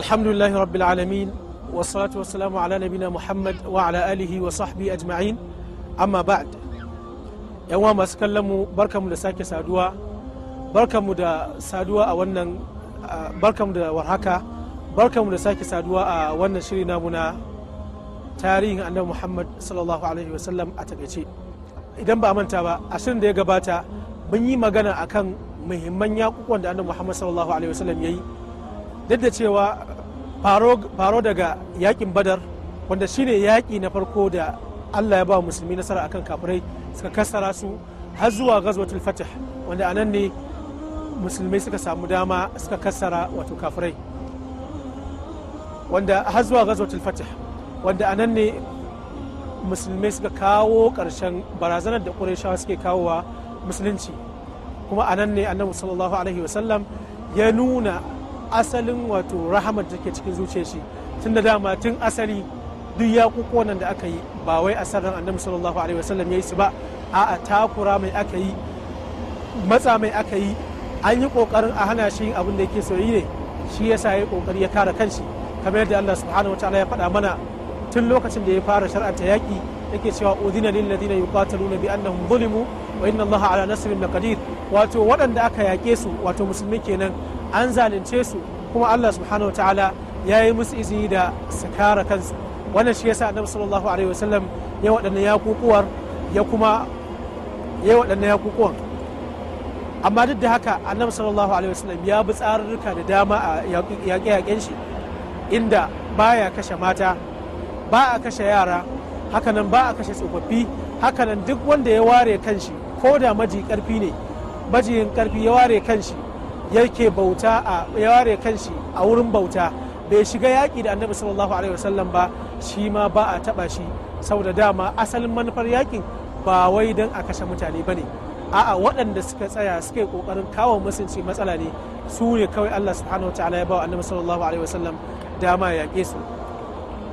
alhamdulillahi rabbil alamin wasalatu wasalamu ala nabina muhammad wa ala alihi wa ajma'in amma ba'd yan masu kallon mu barkamu da sake saduwa a wannan barkamu da a tarihin annabi muhammad sallallahu alaihi wasallam a takaice idan ba a manta ba a shirin da ya gabata mun yi magana akan muhimman yakukuwan da annabi muhammad sallallahu alaihi wasallam ya yi duk da cewa faro daga yakin badar wanda shine yaƙi na farko da allah ya ba musulmi nasara akan kafirai suka kassara su har zuwa gazwatul fatih wanda a nan ne musulmai suka samu dama suka kassara wato kafirai wanda har zuwa gazwatul fatih wanda a nan ne musulmai suka kawo karshen barazanar da ƙurayshawa suke wa musulunci kuma a nan ne annabi sallallahu alaihi wasallam ya nuna asalin wato rahamar da take cikin zuciyar shi tun da dama tun asali duk ya kukonan da aka yi ba wai a sarran annabi sallallahu alaihi wasallam ya yi su ba a'a takura mai aka yi matsa mai aka yi an yi kokarin a hana shi abin da yake soyayya ne shi yasa ya kokari ya kare kanshi kamar yadda Allah subhanahu wataala ya faɗa mana tun lokacin da ya fara shar'anta yaƙi yake cewa udhina lil ladina yuqataluna bi annahum zulimu wa inna Allah ala nasrin laqadir wato waɗanda aka yaƙe su wato musulmi kenan an zalunce su kuma Allah subhanahu wa ta'ala ya yi musu izini da su kare kansu wannan shi yasa annabi sallallahu alaihi wasallam ya waɗannan kukuwar ya kuma ya waɗannan kukuwar amma duk da haka annabi sallallahu alaihi wasallam ya bi tsarurruka da dama a yaƙe-yaƙen shi inda baya kashe mata ba a kashe yara hakanan ba a kashe tsofaffi hakanan duk wanda ya ware kanshi ko da maji karfi ne majiyin karfi ya ware kanshi yake bauta a ya ware kanshi a wurin bauta bai shiga yaƙi da annabi sallallahu alaihi wasallam ba shi ma ba a taɓa shi saboda dama asalin manufar yaƙin ba wai don a kashe mutane ba ne a'a waɗanda suka tsaya suka yi ƙoƙarin kawo musulunci matsala ne su ne kawai Allah subhanahu wa ta'ala ya bawa annabi sallallahu alaihi wasallam dama ya yaƙe su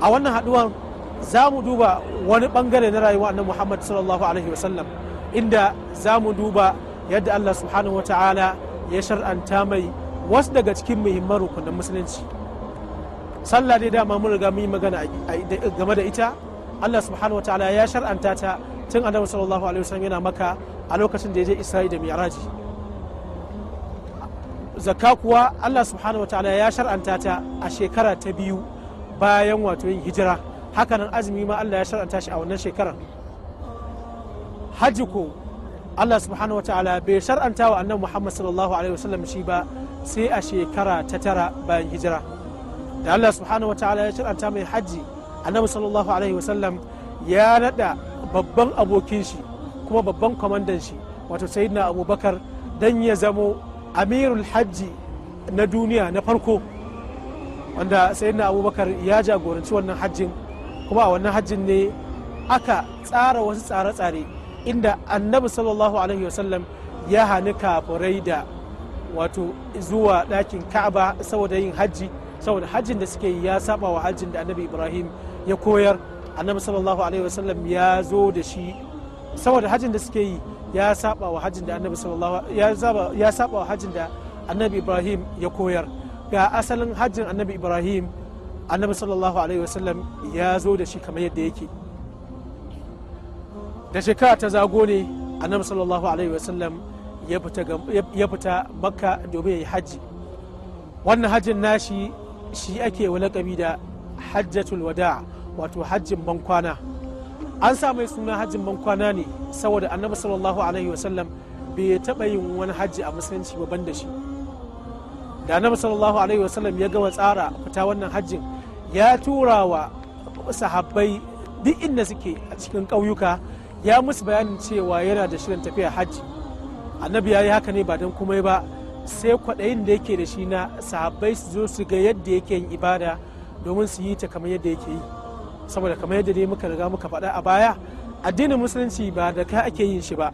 a wannan haɗuwar za mu duba wani ɓangare na rayuwa annabi Muhammad sallallahu alaihi wasallam inda za mu duba yadda Allah subhanahu wa ta'ala ya shar'anta mai wasu daga cikin muhimman rukunan musulunci sallah dai dama mun riga mun yi magana game da ita Allah subhanahu wataala ya shar'anta ta tun annabi sallallahu alaihi wasallam yana maka a lokacin da ya je Isra'i da Mi'raji zakka kuwa Allah subhanahu wataala ya shar'anta ta a shekara ta biyu bayan wato yin hijira hakanan azumi ma Allah ya shar'anta shi a wannan shekarar hajji ko Allah subhanahu wataala bai shar'anta wa annabi Muhammad sallallahu alaihi wasallam shi ba sai a shekara ta tara bayan hijira da Allah subhanahu wataala ya shar'anta mai haji annabi sallallahu alaihi wasallam ya nada babban abokin shi kuma babban kwamandan shi wato sayyidina Bakar dan ya zamo amirul hajji na duniya na farko wanda sayyidina abubakar ya jagoranci wannan hajjin kuma a wannan hajjin ne aka tsara wasu tsare-tsare inda annabi sallallahu alaihi wasallam ya hani kafurai da wato zuwa ɗakin ka'aba saboda yin hajji saboda hajjin da suke yi ya saba wa hajjin da annabi ibrahim ya koyar annabi sallallahu alaihi wasallam ya zo da shi saboda hajjin da suke yi ya saba wa hajjin da annabi sallallahu ya saba wa hajjin da annabi ibrahim ya koyar ga asalin hajjin annabi ibrahim annabi sallallahu alaihi wasallam ya zo da shi kamar yadda yake da shekara ta zago ne annabi sallallahu alaihi wasallam ya fita makka domin ya yi hajji wannan hajjin nashi shi ake walakabi da hajjatul wada wato hajjin bankwana an sa mai suna hajjin bankwana ne saboda annabi sallallahu alaihi wasallam bai taɓa yin wani hajji a musulunci ba ban da shi da annabi sallallahu alaihi wasallam ya gama tsara fita wannan hajjin ya tura wa sahabbai duk inda suke a cikin ƙauyuka ya musu bayanin cewa yana da shirin tafiya hajji annabi ya yi haka ne ba don komai ba sai kwaɗayin da yake da shi na sahabbai su zo su ga yadda yake yin ibada domin su yi ta kamar yadda yake yi saboda kamar yadda dai muka riga muka faɗa a baya addinin musulunci ba da ka ake yin shi ba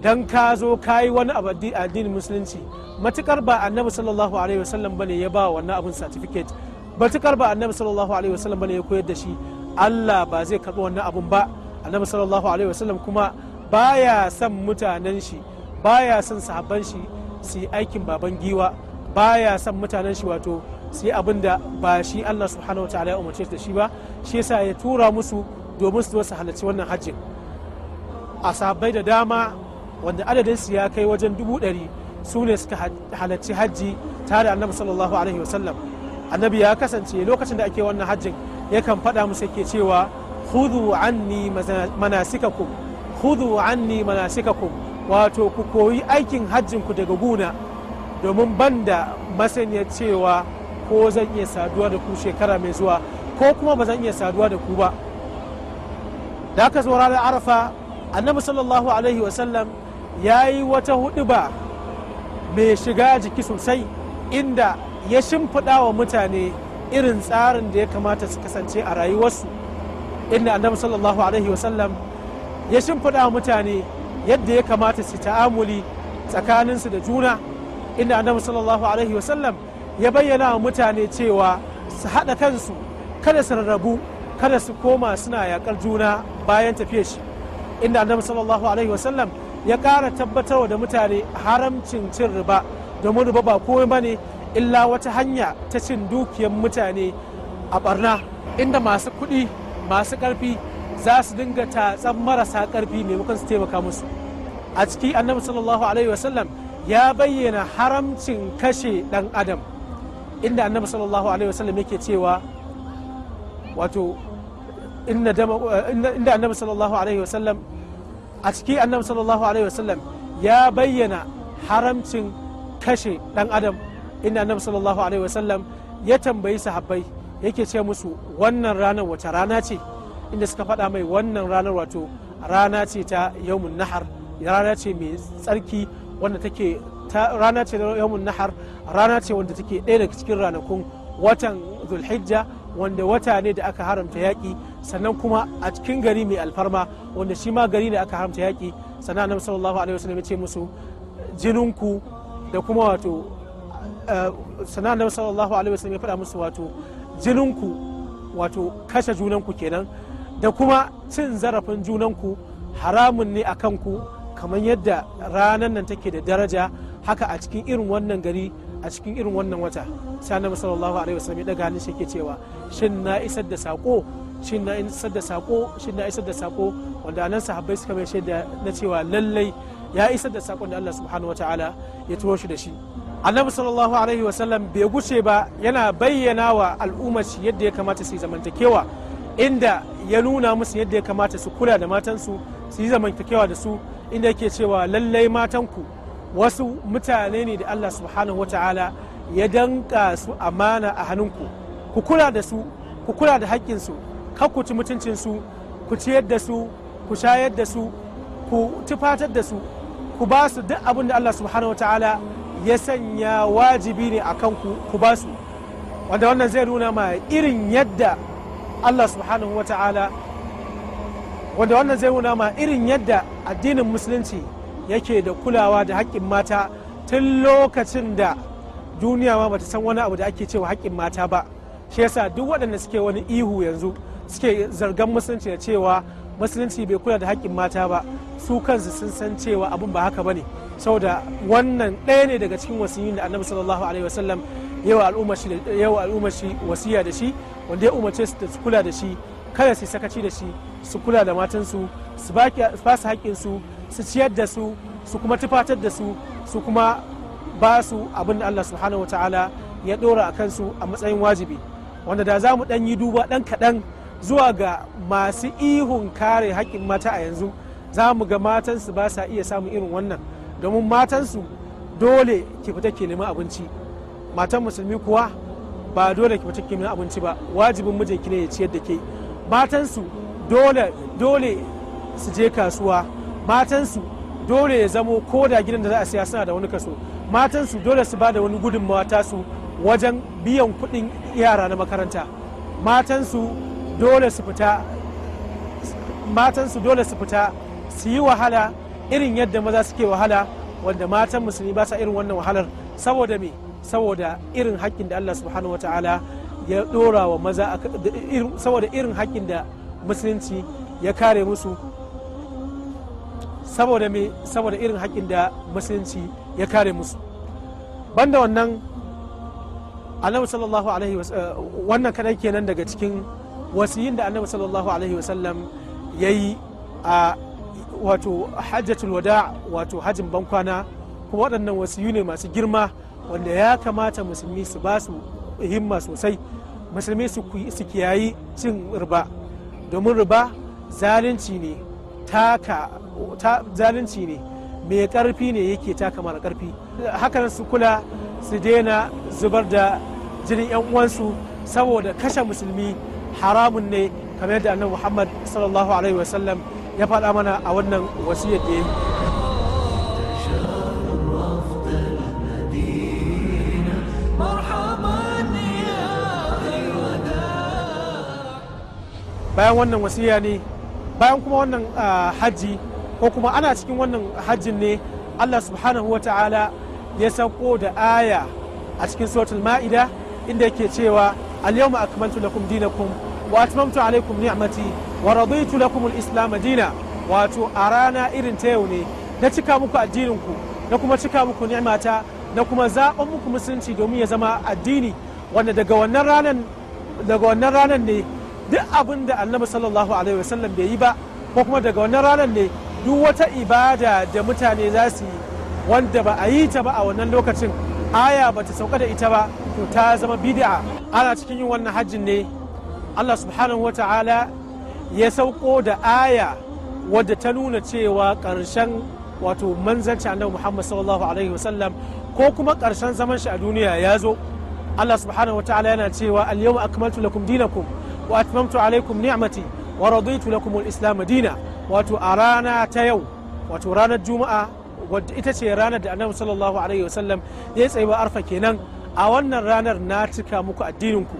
dan ka zo ka yi wani abu addinin musulunci matukar ba annabi sallallahu alaihi wasallam bane ya ba wannan abin certificate matukar ba annabi sallallahu alaihi wasallam bane ya koyar da shi Allah ba zai karɓi wannan abun ba annabi sallallahu alaihi wasallam kuma baya son mutanen shi baya son sahabban shi su yi aikin baban giwa baya son mutanen shi wato su yi abin da ba shi Allah subhanahu wataala ya umarce da shi ba shi yasa ya tura musu domin su su halarci wannan hajjin a sahabbai da dama wanda adadin su ya kai wajen dubu ɗari su ne suka halarci hajji tare annabi sallallahu alaihi wasallam annabi ya kasance lokacin da ake wannan hajjin yakan faɗa musu yake cewa khudhu anni manasikakum khudhu anni manasikakum wato ku koyi aikin hajjin ku daga guna domin banda masaniya cewa ko zan iya saduwa da ku shekara mai zuwa ko kuma ba zan iya saduwa da ku ba da aka zo ranar arafa annabi sallallahu alaihi wasallam ya yi wata huduba mai shiga jiki sosai inda ya shimfiɗa wa mutane irin tsarin da ya kamata su kasance a rayuwarsu inda annabi sallallahu alaihi wasallam ya shimfiɗa mutane yadda ya kamata su ta'amuli tsakaninsu da juna inda annabi sallallahu alaihi wasallam ya bayyana wa mutane cewa su haɗa kansu kada su rarrabu kada su koma suna yaƙar juna bayan tafiyar shi inda annabi sallallahu alaihi wasallam ya ƙara tabbatarwa da mutane haramcin cin riba domin riba ba komai ba ne illa wata hanya ta cin dukiyar mutane a barna inda masu kuɗi masu ƙarfi za su dinga tatsan marasa ƙarfi maimakon su taimaka musu a ciki annabi sallallahu alaihi wasallam ya bayyana haramcin kashe ɗan adam inda annabi sallallahu alaihi wasallam yake cewa wato inda annabi sallallahu alaihi wasallam a ciki annabi sallallahu alaihi wasallam ya bayyana haramcin kashe ɗan adam inda annabi sallallahu alaihi wasallam ya tambayi sahabbai yake ce musu wannan ranar wata rana ce inda suka faɗa mai wannan ranar wato rana ce ta yawmun nahar rana ce mai tsarki wanda take rana ce yawmun nahar rana ce wanda take ɗaya daga cikin ranakun watan zulhijja wanda wata ne da aka haramta yaƙi sannan kuma a cikin gari mai alfarma wanda shi ma gari ne aka haramta yaƙi sannan annabi sallallahu alaihi wasallam ya ce musu jininku da kuma wato eh, sannan annabi sallallahu alaihi wasallam ya faɗa musu wato jininku wato kashe junanku kenan da kuma cin zarafin junanku haramun ne a kanku kamar yadda ranar nan take da daraja haka a cikin irin wannan gari a cikin irin wannan wata sai annabi sallallahu alaihi wasallam ya daga hannun shi yake cewa shin na isar da sako shin na isar da sako shin na isar da sako wanda anan sahabbai suka mai shaida na cewa lallai ya isar da sakon da Allah subhanahu wataala ya turo shi da shi annabi sallallahu alaihi wasallam bai guce ba yana bayyana wa al'ummar shi yadda ya kamata su yi zamantakewa inda ya nuna musu yadda ya kamata su kula da matansu su yi zamantakewa da su inda yake cewa lallai matanku wasu mutane ne da allah subhanahu ta'ala ya danka su amana a hannunku ku kula da su ku kula da haƙƙinsu ku ci su ku ciyar da su ku shayar da su ku tufatar da su ku ba su duk abin da allah subhanahu ta'ala ya sanya wajibi ne a kan ku ba su wanda wannan zai nuna ma irin yadda Allah subhanahu wa ta'ala wanda wannan zai nuna ma irin yadda addinin musulunci yake da kulawa da haƙƙin mata tun lokacin da duniya ma bata san wani abu da ake cewa haƙƙin mata ba shi yasa duk waɗanda suke wani ihu yanzu suke zargan musulunci da cewa musulunci bai kula da haƙƙin mata ba su kansu sun san cewa abun ba haka ba ne saboda wannan ɗaya ne daga cikin wasiyyin da annabi sallallahu alaihi wasallam yawa al'umma shi wasiya da shi wanda ya umarce su da su kula da shi kada su sakaci da shi su kula da matansu su ba su haƙƙinsu su ciyar da su su kuma tufatar da su su kuma ba su abin da Allah subhanahu wataala ya dora a kansu a matsayin wajibi wanda da za mu ɗan yi duba ɗan kaɗan zuwa ga masu ihun kare haƙƙin mata a yanzu za mu ga matansu ba sa iya samun irin wannan domin matansu dole ki fita ke neman abinci matan musulmi kuwa ba dole ki fita ke neman abinci ba wajibin mijinki ne ya ciyar da ke matansu dole dole su je kasuwa matansu dole ya zamo ko da gidan da za a siya suna da wani kaso matansu dole su ba da wani gudunmawa tasu wajen biyan kuɗin yara na makaranta matansu dole su fita matansu dole su fita su yi wahala irin yadda maza suke wahala wanda matan musulmi ba sa irin wannan wahalar saboda me saboda irin haƙƙin da Allah subhanahu wataala ya dora wa maza saboda irin haƙƙin da musulunci ya kare musu saboda me saboda irin haƙƙin da musulunci ya kare musu banda wannan annabi sallallahu alaihi wannan kadai kenan daga cikin wasiyin da annabi sallallahu alaihi wasallam yayi a wato hajjatul wada wato hajjin bankwana kuma waɗannan wasu ne masu girma wanda ya kamata musulmi su ba su himma sosai musulmi su kiyayi cin riba domin riba zalunci ne taka zalunci ne mai ƙarfi ne yake taka mara ƙarfi hakan su kula su daina zubar da jinin 'yan uwansu saboda kashe musulmi haramun ne kamar yadda annabi muhammad sallallahu alaihi wasallam ya faɗa mana a wannan wasiyar da bayan wannan wasiya ne bayan kuma wannan hajji ko kuma ana cikin wannan hajjin ne allah subhanahu ta'ala ya sauko da aya a cikin suratul ma'ida inda yake cewa اليوم أكملت لكم دينكم وأتممت عليكم نعمتي ورضيت لكم الإسلام دينا واتو أرانا إرن تيوني نتكا مكو أدينكم نكما تكا مكو نعمتا نكما زا أمكم مسلمتي دومي زما الديني wanda daga wannan ranar daga wannan duk abin da annabi sallallahu alaihi wasallam bai yi ba ko kuma daga wannan ranar ne duk wata ibada da mutane za su yi wanda ba a yi ta ba a wannan lokacin aya ba ta sauka da ita ba to ta zama bid'a ana cikin yin wannan hajjin ne Allah subhanahu wa ta'ala ya sauko da aya wadda ta nuna cewa ƙarshen wato manzanci annabi Muhammad sallallahu alaihi wasallam ko kuma ƙarshen zaman shi a duniya ya zo Allah subhanahu wa ta'ala yana cewa al-yawma akmaltu lakum dinakum wa atmamtu alaykum ni'mati wa raditu lakum al-islam dina wato a rana ta yau wato ranar juma'a wadda ita ce ranar da annabi sallallahu alaihi wasallam ya tsaye ba arfa kenan a wannan ranar na cika muku addininku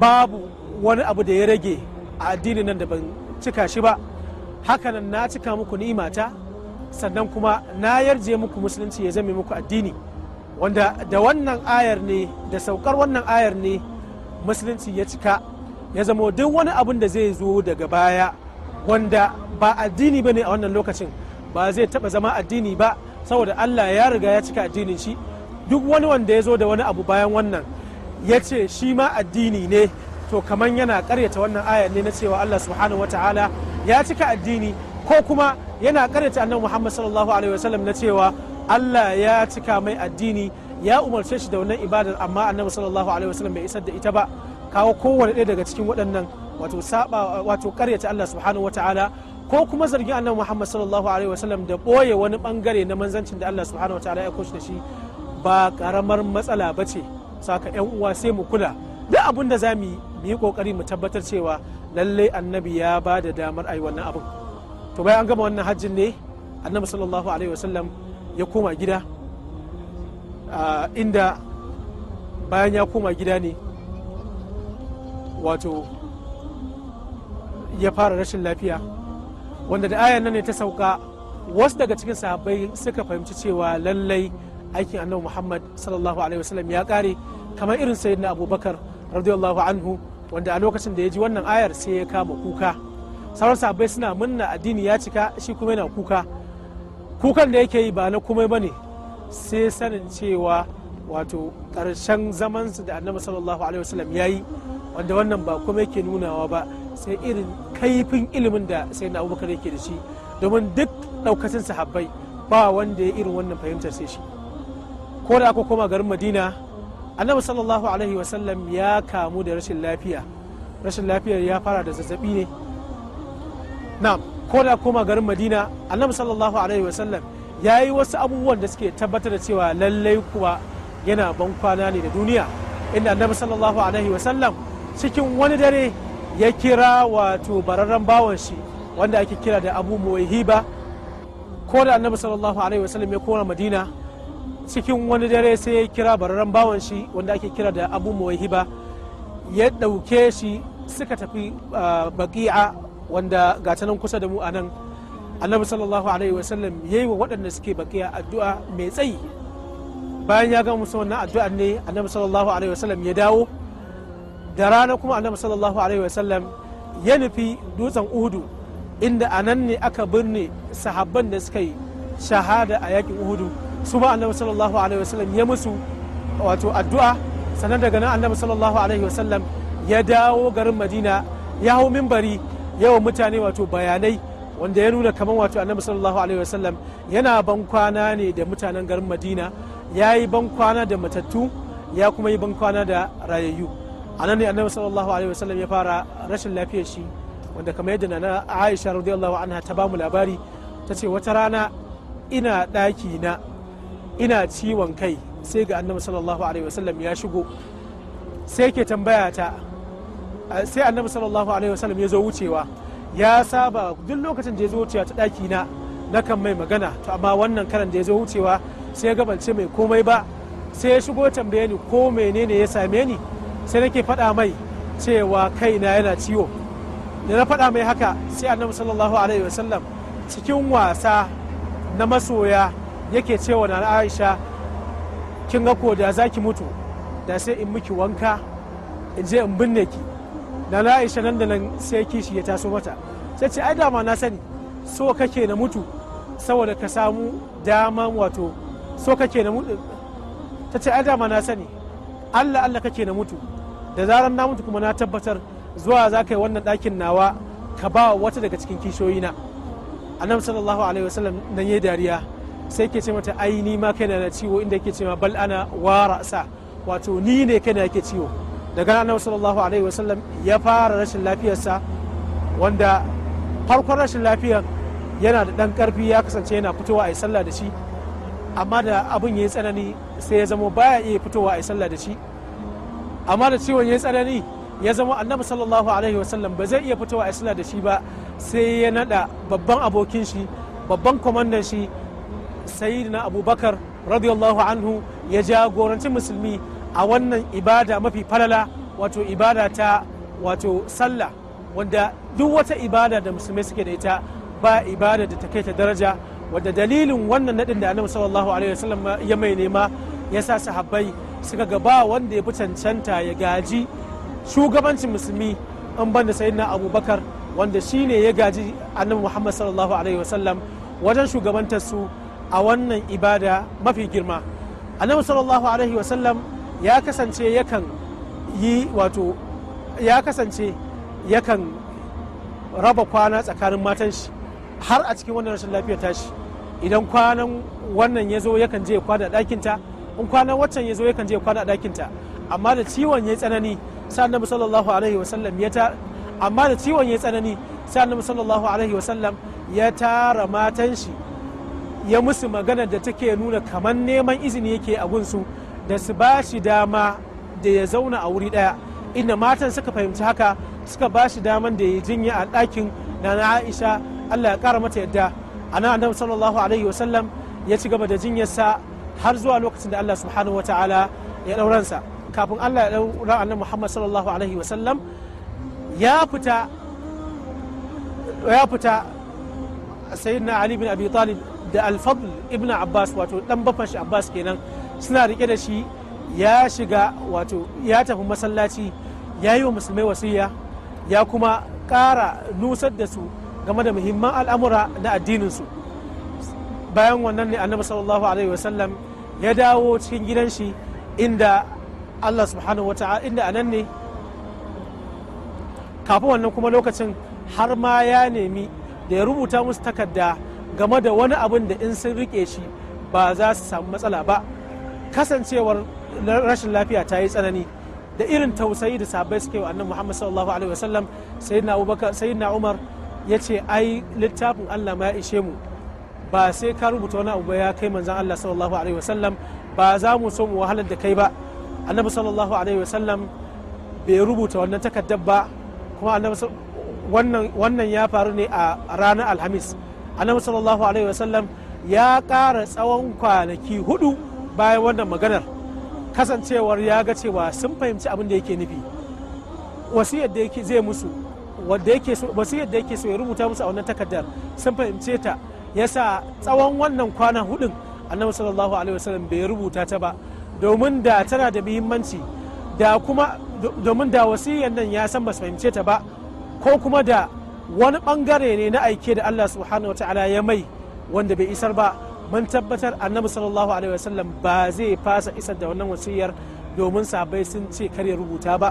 babu wani abu da ya rage a addinin nan da ban cika shi ba hakanan na cika muku ni'imata sannan kuma na yarje muku musulunci ya zame muku addini wanda da wannan ayar ne da saukar wannan ayar ne musulunci ya cika ya zama duk wani abin da zai zo daga baya wanda ba addini ba ne a wannan lokacin ba zai taba zama addini ba saboda allah ya riga ya cika addinin shi duk wani wanda ya zo da wani abu bayan wannan ya ce shi ma addini ne to kamar yana karyata wannan ayar ne na cewa Allah subhanahu wa ta'ala ya cika addini ko kuma yana karyata annabi Muhammad sallallahu alaihi wasallam na cewa Allah ya cika mai addini ya umarce shi da wannan ibadar amma annabi sallallahu alaihi wasallam bai isar da ita ba kawo kowane ɗaya daga cikin waɗannan wato saba wato karyata Allah subhanahu wa ta'ala ko kuma zargin annabi Muhammad sallallahu alaihi wasallam da ɓoye wani bangare na manzancin da Allah subhanahu wa ta'ala ya koshi da shi ba karamar matsala ba ce saka yan uwa sai mu kula duk abin da za mu yi mu yi kokari mu tabbatar cewa lallai annabi ya ba da damar ayi wannan abin to bayan an gama wannan hajjin ne annabi sallallahu alaihi wasallam ya koma gida inda bayan ya koma gida ne wato ya fara rashin lafiya wanda da ayan nan ne ta sauka wasu daga cikin sahabbai suka fahimci cewa lallai aikin annabi muhammad sallallahu alaihi wasallam ya kare kamar irin na abubakar radiyallahu anhu wanda a lokacin da ya ji wannan ayar sai ya kama kuka sauran sahabbai suna munna addini ya cika shi kuma yana kuka kukan da yake yi ba na komai bane sai sanin cewa wato zaman zamansu da annabi sallallahu alaihi wasallam ya yi wanda wannan ba kuma yake nunawa ba sai irin kaifin ilimin da sai na abubakar yake da shi domin duk ɗaukacin sahabbai ba wanda ya irin wannan fahimtar sai shi ko da aka koma garin madina annabi sallallahu alaihi wasallam ya kamu da rashin lafiya rashin lafiyar ya fara da zazzabi ne na ko da koma garin madina annabi sallallahu alaihi wasallam ya yi wasu abubuwan da suke tabbatar da cewa lallai kuwa yana ban kwana ne da duniya inda annabi sallallahu alaihi wasallam cikin wani dare ya kira wato bararren bawan shi wanda ake kira da abu muwaihiba ko da annabi sallallahu alaihi wasallam ya koma madina cikin wani dare sai ya kira bararen bawan shi wanda ake kira da abu muwahiba ya ɗauke shi suka tafi baki'a wanda gata nan kusa da mu anan annabi sallallahu alaihi wasallam ya yi wa waɗanda suke baki'a addu'a mai tsayi bayan ya ga musu wannan addu'a ne annabi sallallahu alaihi wasallam ya dawo da rana kuma annabi sallallahu alaihi wasallam ya nufi dutsen uhudu inda anan ne aka birne sahabban da suka yi shahada a yakin uhudu su ba annabi sallallahu alaihi wasallam ya musu wato addu'a sannan daga nan annabi sallallahu alaihi wasallam ya dawo garin madina ya hau mimbari yawan mutane wato bayanai wanda ya nuna kamar wato annabi sallallahu alaihi wasallam yana ban kwana ne da mutanen garin madina ya yi ban kwana da matattu ya kuma yi ban kwana da rayayyu a nan ne annabi sallallahu alaihi wasallam ya fara rashin lafiyar shi wanda kamar yadda na aisha radiyallahu anha ta bamu labari ta ce wata rana ina ɗaki na ina ciwon kai sai ga annabi sallallahu alaihi wasallam ya shigo sai ke tambaya ta sai annabi sallallahu alaihi wasallam ya zo wucewa ya saba duk lokacin da ya zo wucewa ta daki na nakan mai magana to amma wannan karan da ya zo wucewa sai ya gabance mai komai ba sai ya shigo tambaye ni ko menene ya same ni sai nake faɗa mai cewa kaina yana ciwo da na faɗa mai haka sai annabi sallallahu alaihi wasallam cikin wasa na masoya yake cewa na aisha kin ga ko da zaki mutu da sai in miki wanka in je in binne ki na aisha nan da nan sai kishi ya taso mata sai ce ai dama na sani so kake na mutu saboda ka samu daman wato so kake na mutu ta ce ai dama na sani allah allah kake na mutu da zarar na mutu kuma na tabbatar zuwa za ka yi wannan ɗakin nawa ka ba wata daga cikin kishoyina annabi sallallahu alaihi wasallam nan yi dariya sai ke ce mata ai ni ma kaina na ciwo inda ke ma bal ana wara sa wato ni ne kaina yake ciwo daga annabi sallallahu alaihi wasallam ya fara rashin lafiyarsa wanda farkon rashin lafiyar yana da dan karfi ya kasance yana fitowa a yi sallah da shi amma da abun ya yi tsanani sai ya zama baya iya fitowa a yi sallah da shi amma da ciwon ya yi tsanani ya zama annabi sallallahu alaihi wasallam ba zai iya fitowa a yi sallah da shi ba sai ya nada babban abokin shi babban kwamandan shi sayyidina abubakar radiyallahu anhu ya jagoranci musulmi a wannan ibada mafi falala wato ibada ta wato sallah wanda duk wata ibada da musulmai suke da ita ba ibada da ta kai ta daraja wadda dalilin wannan nadin da annabi sallallahu alaihi wasallam ya mai nema ya sa sahabbai suka ga ba wanda ya fi cancanta ya gaji shugabancin musulmi an banda sayyidina abubakar wanda shine ya gaji annabi muhammad sallallahu alaihi wasallam wajen shugabantar su a wannan ibada mafi girma annabi sallallahu alaihi wasallam ya kasance yakan yi wato ya kasance yakan raba kwana tsakanin matan shi har a cikin wannan rashin lafiyar tashi idan kwanan wannan ya zo yakan je kwana ɗakinta in kwanan waccan ya zo yakan je kwana ɗakinta amma da ciwon ya tsanani sai annabi sallallahu alaihi wasallam ya ta amma da ciwon ya tsanani sai annabi sallallahu alaihi wasallam ya tara matan shi ya musu magana da take nuna kamar neman izini yake a gunsu da su ba shi dama da ya zauna a wuri daya inda matan suka fahimci haka suka ba shi daman da ya jinya a ɗakin na aisha allah ya kara mata yadda a nan annabi sallallahu alaihi wasallam ya ci gaba da jinyarsa har zuwa lokacin da allah subhanahu wataala ya ɗauransa kafin allah ya ɗaura annabi muhammad sallallahu alaihi wasallam ya fita ya fita sayyidina ali bin abi talib da alfadl ibn abbas wato dan bafan abbas kenan suna rike da shi ya shiga wato ya tafi masallaci ya yi wa musulmai wasiya ya kuma ƙara nusar da su game da muhimman al'amura na addininsu bayan wannan ne annabi sallallahu alaihi wasallam ya dawo cikin gidan shi inda allah subhanahu wata'ala inda anan ne kafin wannan kuma lokacin har ma ya nemi da ya rubuta musu takarda game da wani abin da in sun rike shi ba za su samu matsala ba kasancewar rashin lafiya ta yi tsanani da irin tausayi da sabai suke wa annan muhammad sallallahu alaihi wasallam sayyidina umar ya ce ai littafin allah ma ya ishe mu ba sai ka rubuta wani abu ya kai manzan allah sallallahu alaihi wasallam ba za mu so mu wahalar da kai ba annabi sallallahu alaihi wasallam bai rubuta wannan takaddar ba kuma wannan ya faru ne a ranar alhamis annabi sallallahu alaihi wasallam ya ƙara tsawon kwanaki hudu bayan wannan maganar kasancewar ya ga cewa sun fahimci abin da yake nufi wasiyar da yake zai musu wanda yake wasiyar da yake so ya rubuta musu a wannan takardar sun fahimce ta yasa tsawon wannan kwana hudun annabi sallallahu alaihi wasallam bai rubuta ta ba domin da tana da muhimmanci da kuma domin da wasiyar nan ya san ba su fahimce ta ba ko kuma da wani bangare ne na aike da Allah subhanahu wa ta'ala ya mai wanda bai isar ba mun tabbatar annabi sallallahu alaihi wasallam ba zai fasa isar da wannan wasiyar domin sabai sun ce kar rubuta ba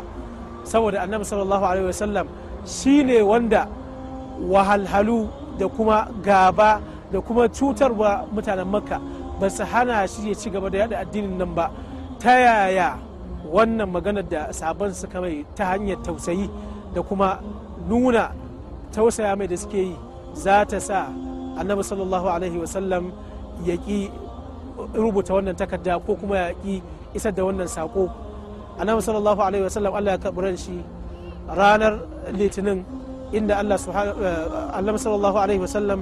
saboda annabi sallallahu alaihi wasallam shine wanda wahalhalu da kuma gaba da kuma cutarwa mutanen makka ba su hana shi ya ci gaba da yada addinin nan ba ta yaya wannan maganar da sabon suka mai ta hanyar tausayi da kuma nuna tausaya mai da suke yi za ta sa annabi sallallahu alaihi wasallam ya ki rubuta wannan takarda ko kuma ya ki isar da wannan sako annabi sallallahu alaihi wasallam Allah ya karɓi shi ranar litinin inda Allah eh, annabi sallallahu alaihi wasallam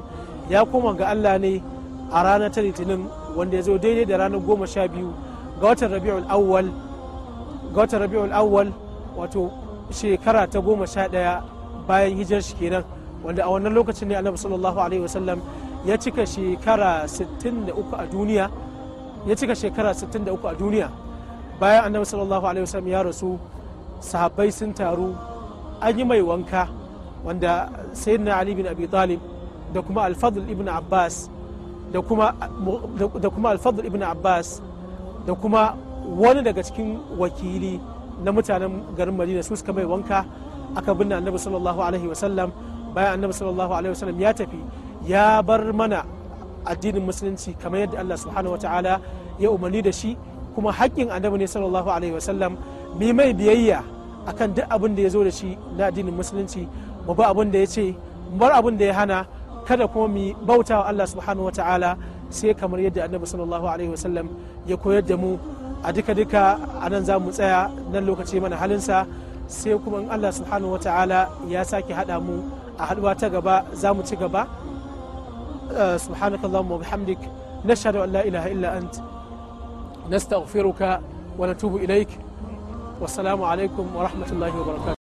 ya koma ga Allah ne a ranar ta litinin wanda ya zo daidai da ranar goma sha biyu ga watan rabi'ul awwal ga watan rabi'ul awwal wato shekara ta goma sha ɗaya bayan hijirar shi kenan wanda a wannan lokacin ne annabi sallallahu alaihi wasallam ya cika shekara 63 a duniya ya cika shekara 63 a duniya bayan annabi sallallahu alaihi wasallam ya rasu sahabbai sun taru an yi mai wanka wanda sayyidina ali bin abi talib da kuma al-fadl ibn abbas da kuma da kuma al-fadl ibn abbas da kuma wani daga cikin wakili na mutanen garin madina su suka mai wanka aka binne annabi sallallahu alaihi wasallam bayan annabi sallallahu alaihi wasallam ya tafi ya bar mana addinin musulunci kamar yadda Allah subhanahu wataala ya umarni da shi kuma haƙƙin annabi ne sallallahu alaihi wasallam mu mai biyayya akan duk abin da ya zo da shi na addinin musulunci mu ba abin da ya ce mu bar abin da ya hana kada kuma mu bauta wa Allah subhanahu wataala sai kamar yadda annabi sallallahu alaihi wasallam ya koyar da mu a duka duka a nan za mu tsaya nan lokaci mana halinsa sai kuma in allah subhanahu wata'ala ya sake hada mu a haduwa ta gaba za mu ci gaba subhanakallahumma wa bihamdik nashhadu an la ilaha illa ant nastaghfiruka wa natubu ilaik assalamu alaikum wa rahmatullahi wa barakatuh